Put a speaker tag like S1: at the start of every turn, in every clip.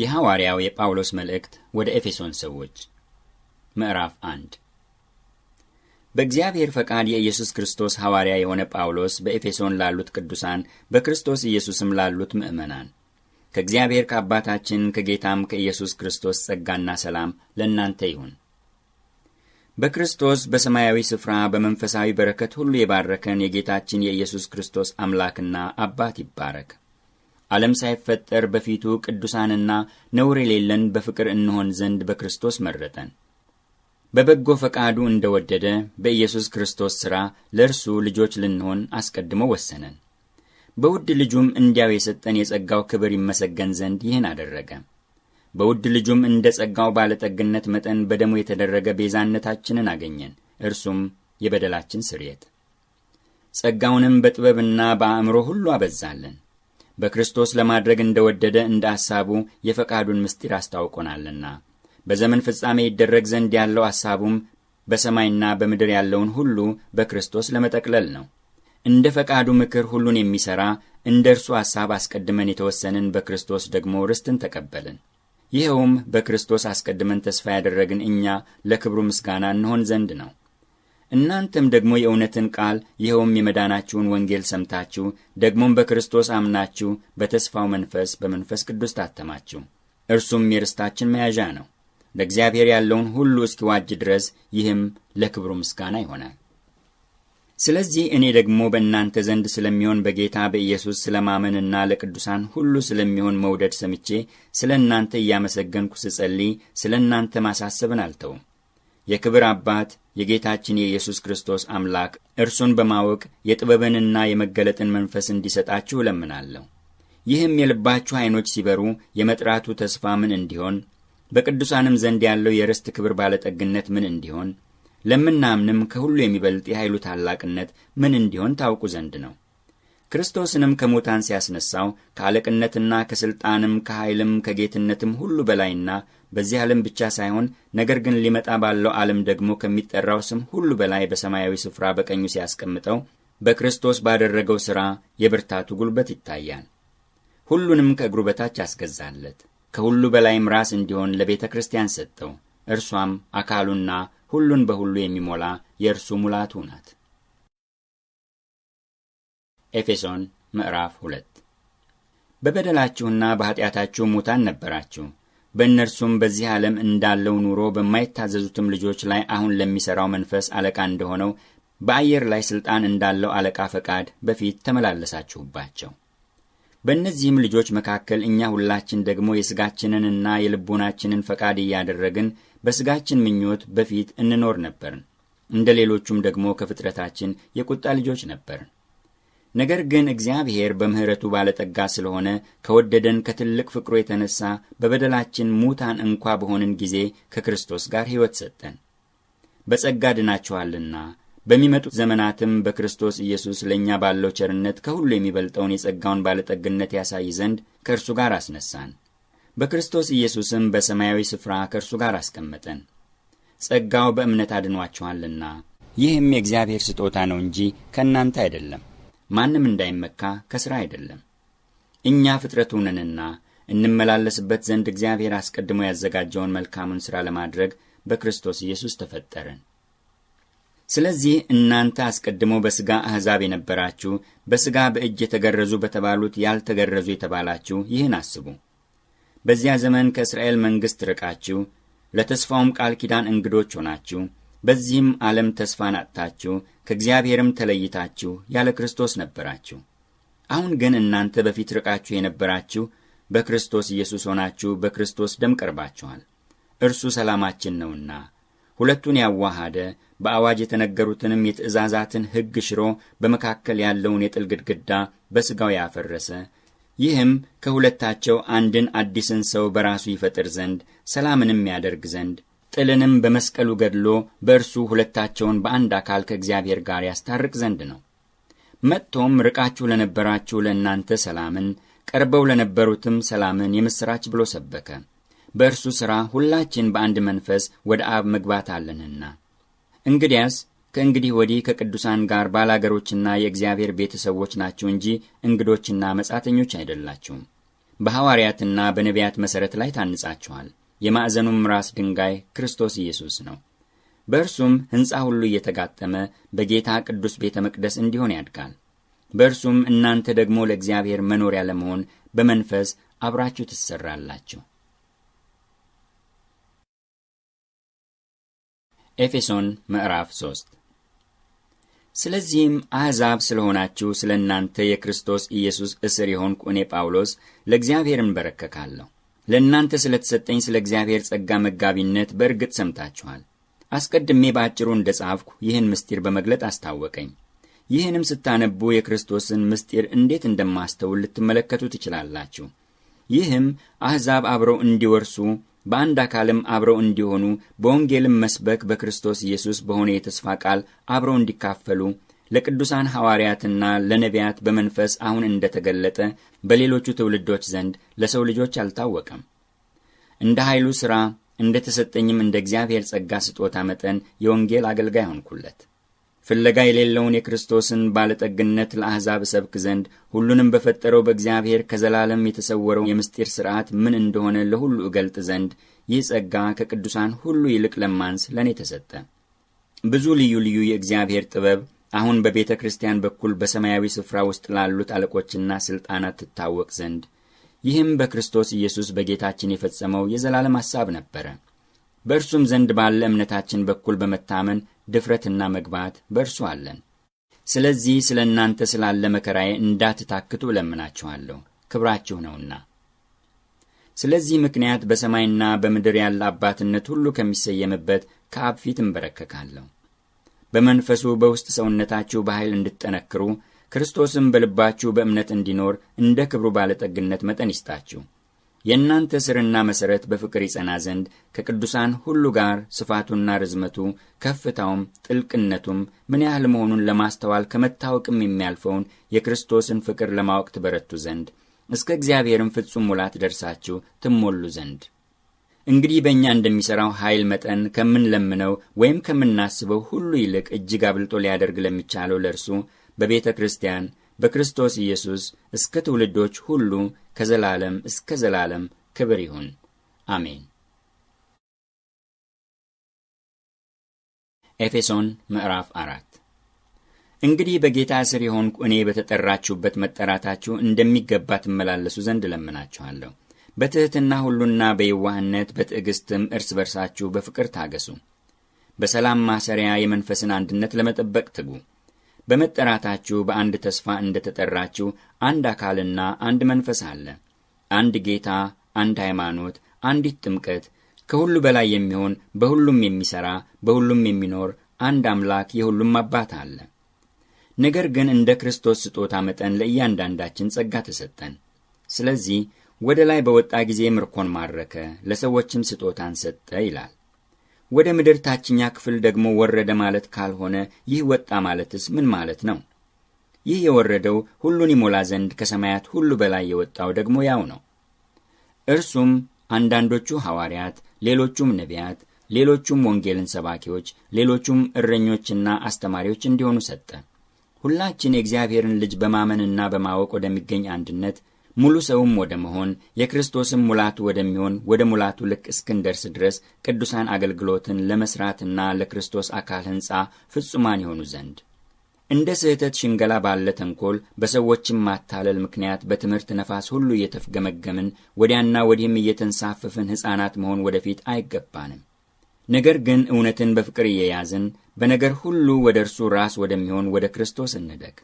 S1: የሐዋርያው የጳውሎስ መልእክት ወደ ኤፌሶን ሰዎች ምዕራፍ አንድ በእግዚአብሔር ፈቃድ የኢየሱስ ክርስቶስ ሐዋርያ የሆነ ጳውሎስ በኤፌሶን ላሉት ቅዱሳን በክርስቶስ ኢየሱስም ላሉት ምእመናን ከእግዚአብሔር ከአባታችን ከጌታም ከኢየሱስ ክርስቶስ ጸጋና ሰላም ለእናንተ ይሁን። በክርስቶስ በሰማያዊ ስፍራ በመንፈሳዊ በረከት ሁሉ የባረከን የጌታችን የኢየሱስ ክርስቶስ አምላክና አባት ይባረክ። ዓለም ሳይፈጠር በፊቱ ቅዱሳንና ነውር የሌለን በፍቅር እንሆን ዘንድ በክርስቶስ መረጠን። በበጎ ፈቃዱ እንደ ወደደ በኢየሱስ ክርስቶስ ሥራ ለእርሱ ልጆች ልንሆን አስቀድሞ ወሰነን። በውድ ልጁም እንዲያው የሰጠን የጸጋው ክብር ይመሰገን ዘንድ ይህን አደረገ። በውድ ልጁም እንደ ጸጋው ባለጠግነት መጠን በደሙ የተደረገ ቤዛነታችንን አገኘን፣ እርሱም የበደላችን ስርየት። ጸጋውንም በጥበብና በአእምሮ ሁሉ አበዛለን። በክርስቶስ ለማድረግ እንደወደደ እንደ ሐሳቡ የፈቃዱን ምስጢር አስታውቆናልና በዘመን ፍጻሜ ይደረግ ዘንድ ያለው ሐሳቡም በሰማይና በምድር ያለውን ሁሉ በክርስቶስ ለመጠቅለል ነው። እንደ ፈቃዱ ምክር ሁሉን የሚሠራ እንደ እርሱ ሐሳብ አስቀድመን የተወሰንን በክርስቶስ ደግሞ ርስትን ተቀበልን። ይኸውም በክርስቶስ አስቀድመን ተስፋ ያደረግን እኛ ለክብሩ ምስጋና እንሆን ዘንድ ነው። እናንተም ደግሞ የእውነትን ቃል ይኸውም የመዳናችሁን ወንጌል ሰምታችሁ ደግሞም በክርስቶስ አምናችሁ በተስፋው መንፈስ በመንፈስ ቅዱስ ታተማችሁ። እርሱም የርስታችን መያዣ ነው ለእግዚአብሔር ያለውን ሁሉ እስኪዋጅ ድረስ። ይህም ለክብሩ ምስጋና ይሆናል። ስለዚህ እኔ ደግሞ በእናንተ ዘንድ ስለሚሆን በጌታ በኢየሱስ ስለ ማመንና ለቅዱሳን ሁሉ ስለሚሆን መውደድ ሰምቼ ስለ እናንተ እያመሰገንኩ ስጸልይ ስለ እናንተ ማሳሰብን አልተውም። የክብር አባት የጌታችን የኢየሱስ ክርስቶስ አምላክ እርሱን በማወቅ የጥበብንና የመገለጥን መንፈስ እንዲሰጣችሁ እለምናለሁ። ይህም የልባችሁ ዐይኖች ሲበሩ የመጥራቱ ተስፋ ምን እንዲሆን፣ በቅዱሳንም ዘንድ ያለው የርስት ክብር ባለጠግነት ምን እንዲሆን፣ ለምናምንም ከሁሉ የሚበልጥ የኃይሉ ታላቅነት ምን እንዲሆን ታውቁ ዘንድ ነው። ክርስቶስንም ከሙታን ሲያስነሳው ከአለቅነትና ከሥልጣንም ከኃይልም ከጌትነትም ሁሉ በላይና በዚህ ዓለም ብቻ ሳይሆን ነገር ግን ሊመጣ ባለው ዓለም ደግሞ ከሚጠራው ስም ሁሉ በላይ በሰማያዊ ስፍራ በቀኙ ሲያስቀምጠው በክርስቶስ ባደረገው ሥራ የብርታቱ ጉልበት ይታያል። ሁሉንም ከእግሩ በታች አስገዛለት። ከሁሉ በላይም ራስ እንዲሆን ለቤተ ክርስቲያን ሰጠው። እርሷም አካሉና ሁሉን በሁሉ የሚሞላ የእርሱ ሙላቱ ናት። ኤፌሶን ምዕራፍ 2 በበደላችሁና በኀጢአታችሁ ሙታን ነበራችሁ። በእነርሱም በዚህ ዓለም እንዳለው ኑሮ በማይታዘዙትም ልጆች ላይ አሁን ለሚሠራው መንፈስ አለቃ እንደሆነው በአየር ላይ ሥልጣን እንዳለው አለቃ ፈቃድ በፊት ተመላለሳችሁባቸው። በእነዚህም ልጆች መካከል እኛ ሁላችን ደግሞ የሥጋችንንና የልቦናችንን ፈቃድ እያደረግን በሥጋችን ምኞት በፊት እንኖር ነበርን። እንደ ሌሎቹም ደግሞ ከፍጥረታችን የቁጣ ልጆች ነበርን። ነገር ግን እግዚአብሔር በምሕረቱ ባለጠጋ ስለሆነ ከወደደን ከትልቅ ፍቅሩ የተነሳ በበደላችን ሙታን እንኳ በሆንን ጊዜ ከክርስቶስ ጋር ሕይወት ሰጠን። በጸጋ ድናችኋልና በሚመጡት ዘመናትም በክርስቶስ ኢየሱስ ለእኛ ባለው ቸርነት ከሁሉ የሚበልጠውን የጸጋውን ባለጠግነት ያሳይ ዘንድ ከእርሱ ጋር አስነሳን። በክርስቶስ ኢየሱስም በሰማያዊ ስፍራ ከእርሱ ጋር አስቀመጠን። ጸጋው በእምነት አድኗችኋልና ይህም የእግዚአብሔር ስጦታ ነው እንጂ ከእናንተ አይደለም ማንም እንዳይመካ ከሥራ አይደለም። እኛ ፍጥረቱ ነንና እንመላለስበት ዘንድ እግዚአብሔር አስቀድሞ ያዘጋጀውን መልካሙን ሥራ ለማድረግ በክርስቶስ ኢየሱስ ተፈጠርን። ስለዚህ እናንተ አስቀድሞ በሥጋ አሕዛብ የነበራችሁ በሥጋ በእጅ የተገረዙ በተባሉት ያልተገረዙ የተባላችሁ ይህን አስቡ። በዚያ ዘመን ከእስራኤል መንግሥት ርቃችሁ ለተስፋውም ቃል ኪዳን እንግዶች ሆናችሁ በዚህም ዓለም ተስፋን አጥታችሁ ከእግዚአብሔርም ተለይታችሁ ያለ ክርስቶስ ነበራችሁ። አሁን ግን እናንተ በፊት ርቃችሁ የነበራችሁ በክርስቶስ ኢየሱስ ሆናችሁ በክርስቶስ ደም ቀርባችኋል። እርሱ ሰላማችን ነውና ሁለቱን ያዋሃደ በአዋጅ የተነገሩትንም የትእዛዛትን ሕግ ሽሮ በመካከል ያለውን የጥል ግድግዳ በሥጋው ያፈረሰ ይህም ከሁለታቸው አንድን አዲስን ሰው በራሱ ይፈጥር ዘንድ ሰላምንም ያደርግ ዘንድ ጥልንም በመስቀሉ ገድሎ በእርሱ ሁለታቸውን በአንድ አካል ከእግዚአብሔር ጋር ያስታርቅ ዘንድ ነው። መጥቶም ርቃችሁ ለነበራችሁ ለእናንተ ሰላምን፣ ቀርበው ለነበሩትም ሰላምን የምሥራች ብሎ ሰበከ። በእርሱ ሥራ ሁላችን በአንድ መንፈስ ወደ አብ መግባት አለንና። እንግዲያስ ከእንግዲህ ወዲህ ከቅዱሳን ጋር ባላገሮችና የእግዚአብሔር ቤተሰቦች ናችሁ እንጂ እንግዶችና መጻተኞች አይደላችሁም። በሐዋርያትና በነቢያት መሠረት ላይ ታንጻችኋል። የማዕዘኑም ራስ ድንጋይ ክርስቶስ ኢየሱስ ነው። በእርሱም ሕንፃ ሁሉ እየተጋጠመ በጌታ ቅዱስ ቤተ መቅደስ እንዲሆን ያድጋል። በእርሱም እናንተ ደግሞ ለእግዚአብሔር መኖሪያ ለመሆን በመንፈስ አብራችሁ ትሠራላችሁ። ኤፌሶን ምዕራፍ 3 ስለዚህም አሕዛብ ስለሆናችሁ ስለ እናንተ የክርስቶስ ኢየሱስ እስር የሆንኩ እኔ ጳውሎስ ለእግዚአብሔር እንበረከካለሁ። ለእናንተ ስለተሰጠኝ ስለ እግዚአብሔር ጸጋ መጋቢነት በእርግጥ ሰምታችኋል። አስቀድሜ በአጭሩ እንደ ጻፍኩ ይህን ምስጢር በመግለጥ አስታወቀኝ። ይህንም ስታነቡ የክርስቶስን ምስጢር እንዴት እንደማስተውል ልትመለከቱ ትችላላችሁ። ይህም አሕዛብ አብረው እንዲወርሱ በአንድ አካልም አብረው እንዲሆኑ በወንጌልም መስበክ በክርስቶስ ኢየሱስ በሆነ የተስፋ ቃል አብረው እንዲካፈሉ ለቅዱሳን ሐዋርያትና ለነቢያት በመንፈስ አሁን እንደተገለጠ በሌሎቹ ትውልዶች ዘንድ ለሰው ልጆች አልታወቀም። እንደ ኃይሉ ሥራ እንደ ተሰጠኝም እንደ እግዚአብሔር ጸጋ ስጦታ መጠን የወንጌል አገልጋይ ሆንኩለት። ፍለጋ የሌለውን የክርስቶስን ባለጠግነት ለአሕዛብ እሰብክ ዘንድ ሁሉንም በፈጠረው በእግዚአብሔር ከዘላለም የተሰወረው የምስጢር ሥርዓት ምን እንደሆነ ለሁሉ እገልጥ ዘንድ ይህ ጸጋ ከቅዱሳን ሁሉ ይልቅ ለማንስ ለእኔ ተሰጠ። ብዙ ልዩ ልዩ የእግዚአብሔር ጥበብ አሁን በቤተ ክርስቲያን በኩል በሰማያዊ ስፍራ ውስጥ ላሉት አለቆችና ሥልጣናት ትታወቅ ዘንድ ይህም በክርስቶስ ኢየሱስ በጌታችን የፈጸመው የዘላለም ሐሳብ ነበረ። በእርሱም ዘንድ ባለ እምነታችን በኩል በመታመን ድፍረትና መግባት በእርሱ አለን። ስለዚህ ስለ እናንተ ስላለ መከራዬ እንዳትታክቱ እለምናችኋለሁ፣ ክብራችሁ ነውና። ስለዚህ ምክንያት በሰማይና በምድር ያለ አባትነት ሁሉ ከሚሰየምበት ከአብ ፊት እንበረከካለሁ። በመንፈሱ በውስጥ ሰውነታችሁ በኃይል እንድትጠነክሩ ክርስቶስም በልባችሁ በእምነት እንዲኖር እንደ ክብሩ ባለጠግነት መጠን ይስጣችሁ። የእናንተ ሥርና መሠረት በፍቅር ይጸና ዘንድ ከቅዱሳን ሁሉ ጋር ስፋቱና ርዝመቱ ከፍታውም ጥልቅነቱም ምን ያህል መሆኑን ለማስተዋል ከመታወቅም የሚያልፈውን የክርስቶስን ፍቅር ለማወቅ ትበረቱ ዘንድ እስከ እግዚአብሔርም ፍጹም ሙላት ደርሳችሁ ትሞሉ ዘንድ እንግዲህ በእኛ እንደሚሠራው ኃይል መጠን ከምንለምነው ወይም ከምናስበው ሁሉ ይልቅ እጅግ አብልጦ ሊያደርግ ለሚቻለው ለእርሱ በቤተ ክርስቲያን በክርስቶስ ኢየሱስ እስከ ትውልዶች ሁሉ ከዘላለም እስከ ዘላለም ክብር ይሁን፣ አሜን። ኤፌሶን ምዕራፍ አራት እንግዲህ በጌታ እስር የሆንኩ እኔ በተጠራችሁበት መጠራታችሁ እንደሚገባ ትመላለሱ ዘንድ እለምናችኋለሁ። በትሕትና ሁሉና በየዋህነት በትዕግሥትም እርስ በርሳችሁ በፍቅር ታገሱ። በሰላም ማሰሪያ የመንፈስን አንድነት ለመጠበቅ ትጉ። በመጠራታችሁ በአንድ ተስፋ እንደ ተጠራችሁ አንድ አካልና አንድ መንፈስ አለ። አንድ ጌታ፣ አንድ ሃይማኖት፣ አንዲት ጥምቀት፣ ከሁሉ በላይ የሚሆን በሁሉም የሚሠራ በሁሉም የሚኖር አንድ አምላክ የሁሉም አባት አለ። ነገር ግን እንደ ክርስቶስ ስጦታ መጠን ለእያንዳንዳችን ጸጋ ተሰጠን። ስለዚህ ወደ ላይ በወጣ ጊዜ ምርኮን ማረከ፣ ለሰዎችም ስጦታን ሰጠ ይላል። ወደ ምድር ታችኛ ክፍል ደግሞ ወረደ ማለት ካልሆነ ይህ ወጣ ማለትስ ምን ማለት ነው? ይህ የወረደው ሁሉን ይሞላ ዘንድ ከሰማያት ሁሉ በላይ የወጣው ደግሞ ያው ነው። እርሱም አንዳንዶቹ ሐዋርያት፣ ሌሎቹም ነቢያት፣ ሌሎቹም ወንጌልን ሰባኪዎች፣ ሌሎቹም እረኞችና አስተማሪዎች እንዲሆኑ ሰጠ። ሁላችን የእግዚአብሔርን ልጅ በማመንና በማወቅ ወደሚገኝ አንድነት ሙሉ ሰውም ወደ መሆን የክርስቶስም ሙላቱ ወደሚሆን ወደ ሙላቱ ልክ እስክንደርስ ድረስ ቅዱሳን አገልግሎትን ለመስራትና ለክርስቶስ አካል ሕንፃ ፍጹማን የሆኑ ዘንድ እንደ ስህተት ሽንገላ ባለ ተንኮል በሰዎችም ማታለል ምክንያት በትምህርት ነፋስ ሁሉ እየተፍገመገምን ወዲያና ወዲህም እየተንሳፈፍን ሕፃናት መሆን ወደፊት አይገባንም። ነገር ግን እውነትን በፍቅር እየያዝን በነገር ሁሉ ወደ እርሱ ራስ ወደሚሆን ወደ ክርስቶስ እንደግ።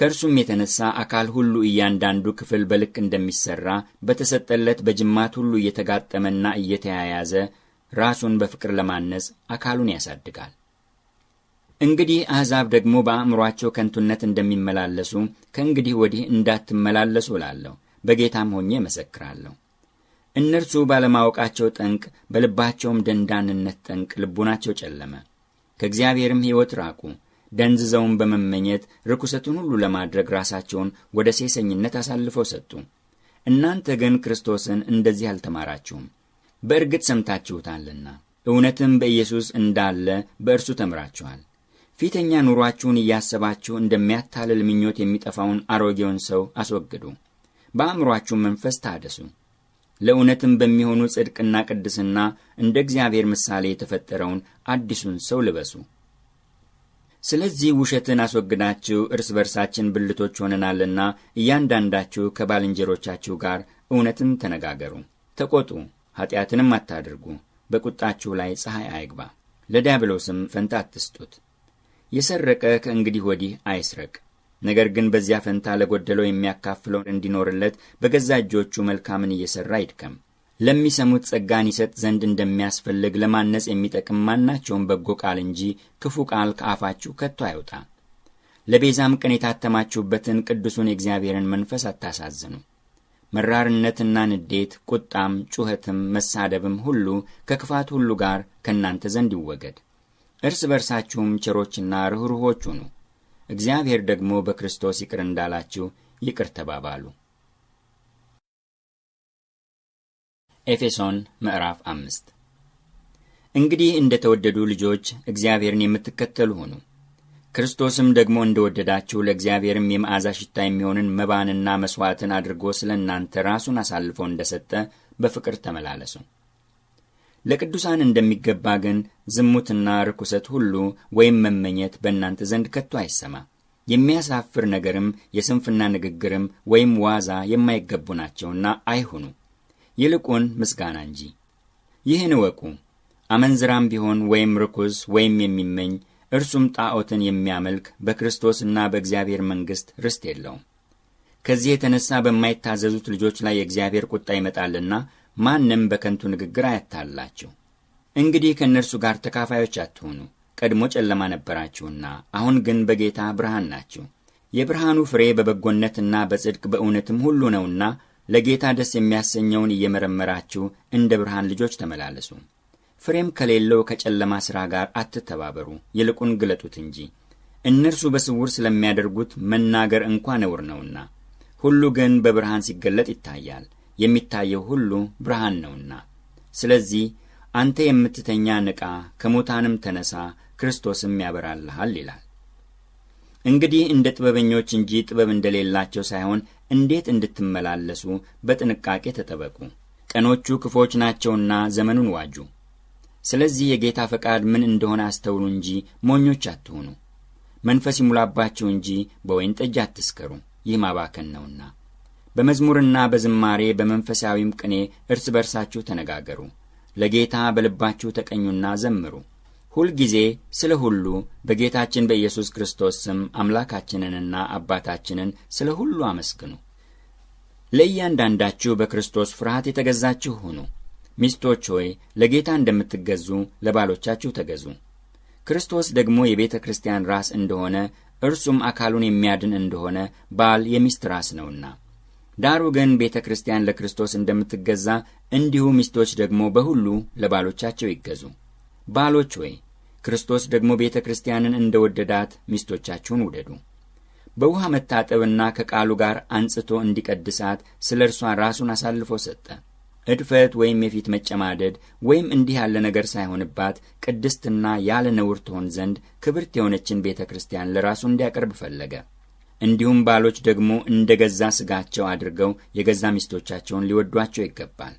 S1: ከእርሱም የተነሳ አካል ሁሉ እያንዳንዱ ክፍል በልክ እንደሚሠራ በተሰጠለት በጅማት ሁሉ እየተጋጠመና እየተያያዘ ራሱን በፍቅር ለማነጽ አካሉን ያሳድጋል። እንግዲህ አሕዛብ ደግሞ በአእምሯቸው ከንቱነት እንደሚመላለሱ ከእንግዲህ ወዲህ እንዳትመላለሱ እላለሁ፣ በጌታም ሆኜ እመሰክራለሁ። እነርሱ ባለማወቃቸው ጠንቅ፣ በልባቸውም ደንዳንነት ጠንቅ ልቡናቸው ጨለመ፣ ከእግዚአብሔርም ሕይወት ራቁ ደንዝዘውን በመመኘት ርኩሰቱን ሁሉ ለማድረግ ራሳቸውን ወደ ሴሰኝነት አሳልፈው ሰጡ። እናንተ ግን ክርስቶስን እንደዚህ አልተማራችሁም፣ በእርግጥ ሰምታችሁታልና እውነትም በኢየሱስ እንዳለ በእርሱ ተምራችኋል። ፊተኛ ኑሯችሁን እያሰባችሁ እንደሚያታልል ምኞት የሚጠፋውን አሮጌውን ሰው አስወግዱ፣ በአእምሯችሁ መንፈስ ታደሱ፣ ለእውነትም በሚሆኑ ጽድቅና ቅድስና እንደ እግዚአብሔር ምሳሌ የተፈጠረውን አዲሱን ሰው ልበሱ። ስለዚህ ውሸትን አስወግዳችሁ እርስ በርሳችን ብልቶች ሆነናልና እያንዳንዳችሁ ከባልንጀሮቻችሁ ጋር እውነትን ተነጋገሩ። ተቆጡ፣ ኃጢአትንም አታድርጉ፣ በቁጣችሁ ላይ ፀሐይ አይግባ፣ ለዲያብሎስም ፈንታ አትስጡት። የሰረቀ ከእንግዲህ ወዲህ አይስረቅ፣ ነገር ግን በዚያ ፈንታ ለጎደለው የሚያካፍለው እንዲኖርለት በገዛ እጆቹ መልካምን እየሠራ ይድከም። ለሚሰሙት ጸጋን ይሰጥ ዘንድ እንደሚያስፈልግ ለማነጽ የሚጠቅም ማናቸውም በጎ ቃል እንጂ ክፉ ቃል ከአፋችሁ ከቶ አይውጣ። ለቤዛም ቀን የታተማችሁበትን ቅዱሱን የእግዚአብሔርን መንፈስ አታሳዝኑ። መራርነትና ንዴት፣ ቁጣም፣ ጩኸትም፣ መሳደብም ሁሉ ከክፋት ሁሉ ጋር ከእናንተ ዘንድ ይወገድ። እርስ በርሳችሁም ቸሮችና ርኅሩኆች ሁኑ፣ እግዚአብሔር ደግሞ በክርስቶስ ይቅር እንዳላችሁ ይቅር ተባባሉ። ኤፌሶን ምዕራፍ አምስት እንግዲህ እንደ ተወደዱ ልጆች እግዚአብሔርን የምትከተሉ ሁኑ። ክርስቶስም ደግሞ እንደ ወደዳችሁ ለእግዚአብሔርም የመዓዛ ሽታ የሚሆንን መባንና መሥዋዕትን አድርጎ ስለ እናንተ ራሱን አሳልፎ እንደ ሰጠ በፍቅር ተመላለሱ። ለቅዱሳን እንደሚገባ ግን ዝሙትና ርኩሰት ሁሉ ወይም መመኘት በእናንተ ዘንድ ከቶ አይሰማ። የሚያሳፍር ነገርም የስንፍና ንግግርም ወይም ዋዛ የማይገቡ ናቸውና አይሁኑ። ይልቁን ምስጋና እንጂ። ይህን እወቁ፣ አመንዝራም ቢሆን ወይም ርኩስ ወይም የሚመኝ እርሱም ጣዖትን የሚያመልክ በክርስቶስና በእግዚአብሔር መንግሥት ርስት የለውም። ከዚህ የተነሳ በማይታዘዙት ልጆች ላይ የእግዚአብሔር ቁጣ ይመጣልና ማንም በከንቱ ንግግር አያታላችሁ። እንግዲህ ከእነርሱ ጋር ተካፋዮች አትሆኑ። ቀድሞ ጨለማ ነበራችሁና አሁን ግን በጌታ ብርሃን ናችሁ። የብርሃኑ ፍሬ በበጎነትና በጽድቅ በእውነትም ሁሉ ነውና ለጌታ ደስ የሚያሰኘውን እየመረመራችሁ እንደ ብርሃን ልጆች ተመላለሱ። ፍሬም ከሌለው ከጨለማ ሥራ ጋር አትተባበሩ፣ ይልቁን ግለጡት እንጂ እነርሱ በስውር ስለሚያደርጉት መናገር እንኳ ነውር ነውና። ሁሉ ግን በብርሃን ሲገለጥ ይታያል፣ የሚታየው ሁሉ ብርሃን ነውና። ስለዚህ አንተ የምትተኛ ንቃ፣ ከሙታንም ተነሳ፣ ክርስቶስም ያበራልሃል ይላል። እንግዲህ እንደ ጥበበኞች እንጂ ጥበብ እንደሌላቸው ሳይሆን እንዴት እንድትመላለሱ በጥንቃቄ ተጠበቁ። ቀኖቹ ክፎች ናቸውና ዘመኑን ዋጁ። ስለዚህ የጌታ ፈቃድ ምን እንደሆነ አስተውሉ እንጂ ሞኞች አትሆኑ መንፈስ ይሙላባችሁ እንጂ በወይን ጠጅ አትስከሩ፣ ይህ ማባከን ነውና። በመዝሙርና በዝማሬ በመንፈሳዊም ቅኔ እርስ በርሳችሁ ተነጋገሩ፣ ለጌታ በልባችሁ ተቀኙና ዘምሩ። ሁልጊዜ ስለ ሁሉ በጌታችን በኢየሱስ ክርስቶስ ስም አምላካችንንና አባታችንን ስለ ሁሉ አመስግኑ። ለእያንዳንዳችሁ በክርስቶስ ፍርሃት የተገዛችሁ ሁኑ። ሚስቶች ሆይ ለጌታ እንደምትገዙ ለባሎቻችሁ ተገዙ። ክርስቶስ ደግሞ የቤተ ክርስቲያን ራስ እንደሆነ እርሱም አካሉን የሚያድን እንደሆነ ባል የሚስት ራስ ነውና። ዳሩ ግን ቤተ ክርስቲያን ለክርስቶስ እንደምትገዛ እንዲሁ ሚስቶች ደግሞ በሁሉ ለባሎቻቸው ይገዙ። ባሎች ወይ ክርስቶስ ደግሞ ቤተ ክርስቲያንን እንደ ወደዳት ሚስቶቻችሁን ውደዱ። በውሃ መታጠብና ከቃሉ ጋር አንጽቶ እንዲቀድሳት ስለ እርሷ ራሱን አሳልፎ ሰጠ። እድፈት ወይም የፊት መጨማደድ ወይም እንዲህ ያለ ነገር ሳይሆንባት ቅድስትና ያለ ነውር ትሆን ዘንድ ክብርት የሆነችን ቤተ ክርስቲያን ለራሱ እንዲያቀርብ ፈለገ። እንዲሁም ባሎች ደግሞ እንደ ገዛ ሥጋቸው አድርገው የገዛ ሚስቶቻቸውን ሊወዷቸው ይገባል።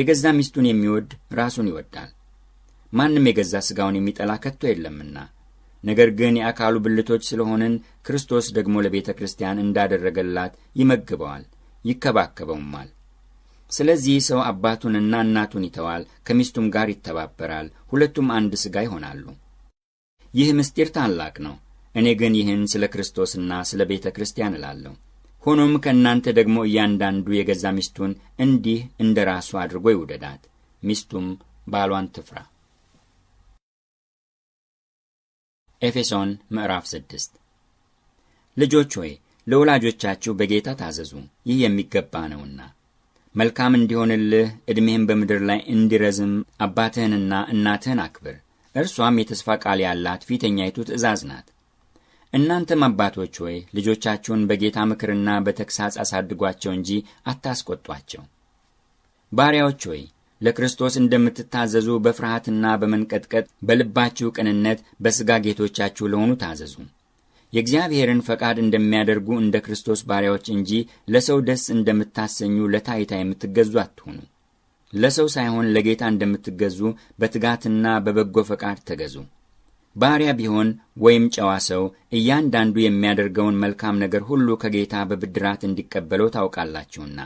S1: የገዛ ሚስቱን የሚወድ ራሱን ይወዳል። ማንም የገዛ ሥጋውን የሚጠላ ከቶ የለምና ነገር ግን የአካሉ ብልቶች ስለሆንን ክርስቶስ ደግሞ ለቤተ ክርስቲያን እንዳደረገላት ይመግበዋል፣ ይከባከበውማል። ስለዚህ ሰው አባቱንና እናቱን ይተዋል፣ ከሚስቱም ጋር ይተባበራል፣ ሁለቱም አንድ ሥጋ ይሆናሉ። ይህ ምስጢር ታላቅ ነው። እኔ ግን ይህን ስለ ክርስቶስና ስለ ቤተ ክርስቲያን እላለሁ። ሆኖም ከእናንተ ደግሞ እያንዳንዱ የገዛ ሚስቱን እንዲህ እንደ ራሱ አድርጎ ይውደዳት፣ ሚስቱም ባሏን ትፍራ። ኤፌሶን ምዕራፍ 6 ልጆች ሆይ ለወላጆቻችሁ በጌታ ታዘዙ፣ ይህ የሚገባ ነውና። መልካም እንዲሆንልህ ዕድሜህን በምድር ላይ እንዲረዝም አባትህንና እናትህን አክብር። እርሷም የተስፋ ቃል ያላት ፊተኛይቱ ትእዛዝ ናት። እናንተም አባቶች ሆይ ልጆቻችሁን በጌታ ምክርና በተግሣጽ አሳድጓቸው እንጂ አታስቆጧቸው። ባሪያዎች ሆይ ለክርስቶስ እንደምትታዘዙ በፍርሃትና በመንቀጥቀጥ በልባችሁ ቅንነት በሥጋ ጌቶቻችሁ ለሆኑ ታዘዙ። የእግዚአብሔርን ፈቃድ እንደሚያደርጉ እንደ ክርስቶስ ባሪያዎች እንጂ ለሰው ደስ እንደምታሰኙ ለታይታ የምትገዙ አትሁኑ። ለሰው ሳይሆን ለጌታ እንደምትገዙ በትጋትና በበጎ ፈቃድ ተገዙ። ባሪያ ቢሆን ወይም ጨዋ ሰው እያንዳንዱ የሚያደርገውን መልካም ነገር ሁሉ ከጌታ በብድራት እንዲቀበለው ታውቃላችሁና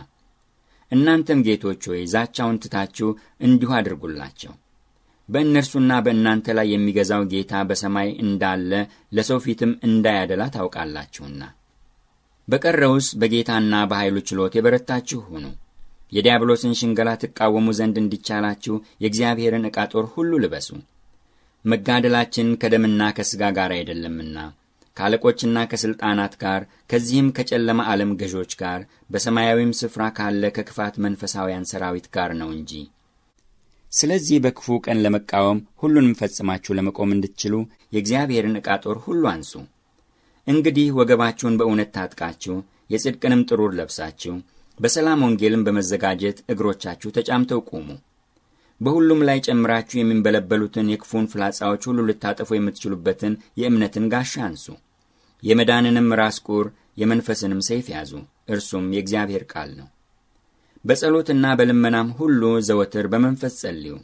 S1: እናንተም ጌቶች ሆይ ዛቻውን ትታችሁ እንዲሁ አድርጉላቸው። በእነርሱና በእናንተ ላይ የሚገዛው ጌታ በሰማይ እንዳለ ለሰው ፊትም እንዳያደላ ታውቃላችሁና። በቀረውስ በጌታና በኃይሉ ችሎት የበረታችሁ ሁኑ። የዲያብሎስን ሽንገላ ትቃወሙ ዘንድ እንዲቻላችሁ የእግዚአብሔርን ዕቃ ጦር ሁሉ ልበሱ። መጋደላችን ከደምና ከሥጋ ጋር አይደለምና ከአለቆችና ከሥልጣናት ጋር ከዚህም ከጨለማ ዓለም ገዦች ጋር በሰማያዊም ስፍራ ካለ ከክፋት መንፈሳውያን ሰራዊት ጋር ነው እንጂ። ስለዚህ በክፉ ቀን ለመቃወም ሁሉንም ፈጽማችሁ ለመቆም እንድትችሉ የእግዚአብሔርን ዕቃ ጦር ሁሉ አንሱ። እንግዲህ ወገባችሁን በእውነት ታጥቃችሁ የጽድቅንም ጥሩር ለብሳችሁ በሰላም ወንጌልም በመዘጋጀት እግሮቻችሁ ተጫምተው ቁሙ። በሁሉም ላይ ጨምራችሁ የሚንበለበሉትን የክፉን ፍላጻዎች ሁሉ ልታጠፉ የምትችሉበትን የእምነትን ጋሻ አንሱ። የመዳንንም ራስ ቁር የመንፈስንም ሰይፍ ያዙ፣ እርሱም የእግዚአብሔር ቃል ነው። በጸሎትና በልመናም ሁሉ ዘወትር በመንፈስ ጸልዩ።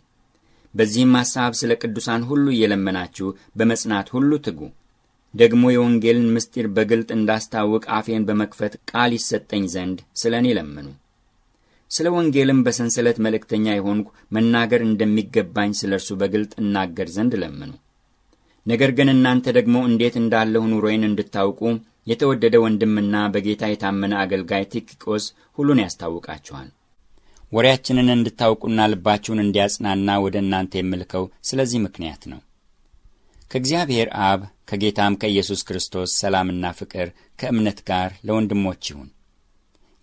S1: በዚህም ሐሳብ ስለ ቅዱሳን ሁሉ እየለመናችሁ በመጽናት ሁሉ ትጉ። ደግሞ የወንጌልን ምስጢር በግልጥ እንዳስታውቅ አፌን በመክፈት ቃል ይሰጠኝ ዘንድ ስለ እኔ ለምኑ። ስለ ወንጌልም በሰንሰለት መልእክተኛ የሆንኩ መናገር እንደሚገባኝ ስለ እርሱ በግልጥ እናገር ዘንድ ለምኑ። ነገር ግን እናንተ ደግሞ እንዴት እንዳለሁ ኑሮዬን እንድታውቁ የተወደደ ወንድምና በጌታ የታመነ አገልጋይ ቲኪቆስ ሁሉን ያስታውቃችኋል። ወሬያችንን እንድታውቁና ልባችሁን እንዲያጽናና ወደ እናንተ የምልከው ስለዚህ ምክንያት ነው። ከእግዚአብሔር አብ ከጌታም ከኢየሱስ ክርስቶስ ሰላምና ፍቅር ከእምነት ጋር ለወንድሞች ይሁን።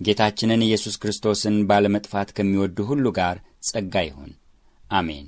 S1: ጌታችንን ኢየሱስ ክርስቶስን ባለመጥፋት ከሚወዱ ሁሉ ጋር ጸጋ ይሁን። አሜን።